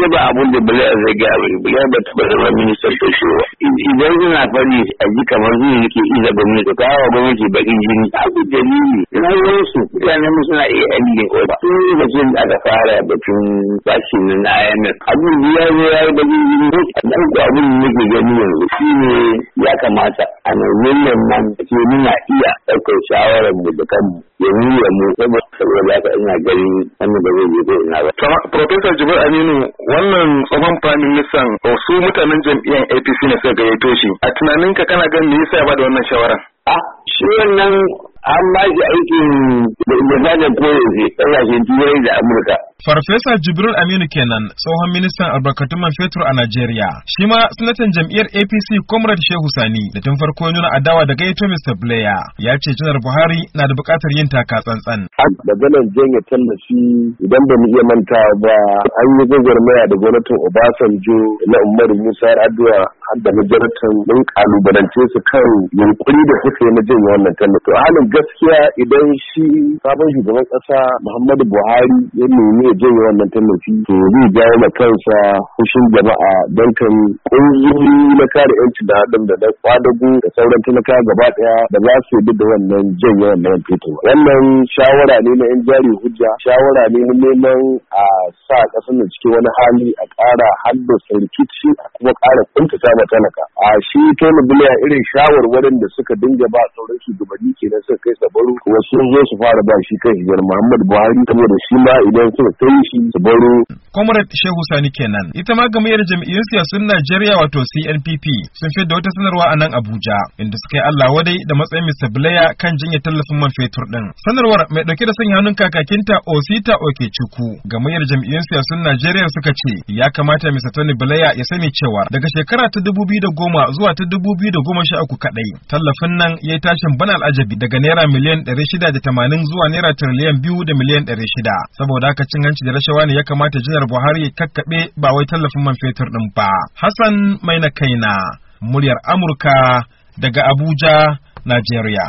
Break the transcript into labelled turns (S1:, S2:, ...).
S1: ga ba abun da bala a zai gaya bai bala ba taɓa zama ministan tashi ba idan suna fari a ji kamar zuwa yake iza gwamnati kawo gwamnati bakin jini abu dalili na wasu mutane mu suna iya aiki ko ba tun da aka fara batun sashi na IMF abin ya zo ya yi bakin jini dan abin da nake gani yanzu ne. kamata a nan nan ke nuna iya ɗaukar shawarar mu da kanmu ya nuna mu saboda ka ina ganin wani ba zai zo ko ina ba. Profesa Jibril Aminu wannan tsohon Prime Minister su mutanen jam'iyyar APC ne suka gayyato shi a tunaninka kana ganin me yasa ya bada wannan shawarar? A ah, shi wannan an ba shi aikin da zanen koyar da ƙasashen turai da Amurka.
S2: Farfesa Jibril Aminu kenan tsohon ministan albarkatun man fetur a Najeriya. Shi ma sanatan jam'iyyar APC Comrade Shehu Sani da tun farko nuna adawa da gaito Mr. Blair ya ce Janar Buhari na da bukatar yin taka tsantsan.
S1: Maganar janye tallafi idan ba mu iya manta ba an yi gwagwarmaya da gwamnatin Obasanjo na Umar Musa adu'a har da majalatan mun kalubalance su kan yunkuri da suka yi na janye wannan tallafi. halin gaskiya idan shi sabon shugaban ƙasa Muhammadu Buhari ya nemi janye wannan tallafi to zai jawo ma kansa fushin jama'a don kan ƙungiyoyi na kare yanci da haɗin da na kwadago da sauran talaka gaba ɗaya da za su bi da wannan janye wannan fetur wannan shawara ne na yan jari hujja shawara ne na neman a sa ƙasar da cikin wani hali a ƙara haddasa rikici a kuma ƙara kuntata ma talaka a shi kai biliya irin shawarwarin da suka dinga ba sauran shugabanni kenan suka kai sabaru kuma sun zo su fara ba shi kan hijar muhammad buhari saboda shi ma idan suka sayi shi su baro.
S2: Comrade Shehu Sani kenan ita ma gamayyar jam'iyyun siyasun Najeriya wato CNPP sun fi da wata sanarwa a nan Abuja inda suka yi Allah wadai da matsayin Mr. Blaya kan jinya tallafin man fetur din. Sanarwar mai ɗauke da sanya hannun kakakinta Osita Okechukwu gamayyar jam'iyyun siyasun Najeriya suka ce ya kamata Mr. Tony Blaya ya sani cewa daga shekara ta dubu biyu da goma zuwa ta dubu biyu da goma sha uku kaɗai tallafin nan ya yi tashin bana al'ajabi daga naira miliyan ɗari shida da tamanin zuwa naira tiriliyan biyu da miliyan ɗari shida saboda haka cin inganci da rashawa ne ya kamata janar Buhari ya kakkaɓe ba wai tallafin man fetur ɗin ba. Hassan Maina Kaina, muryar Amurka daga Abuja, Najeriya.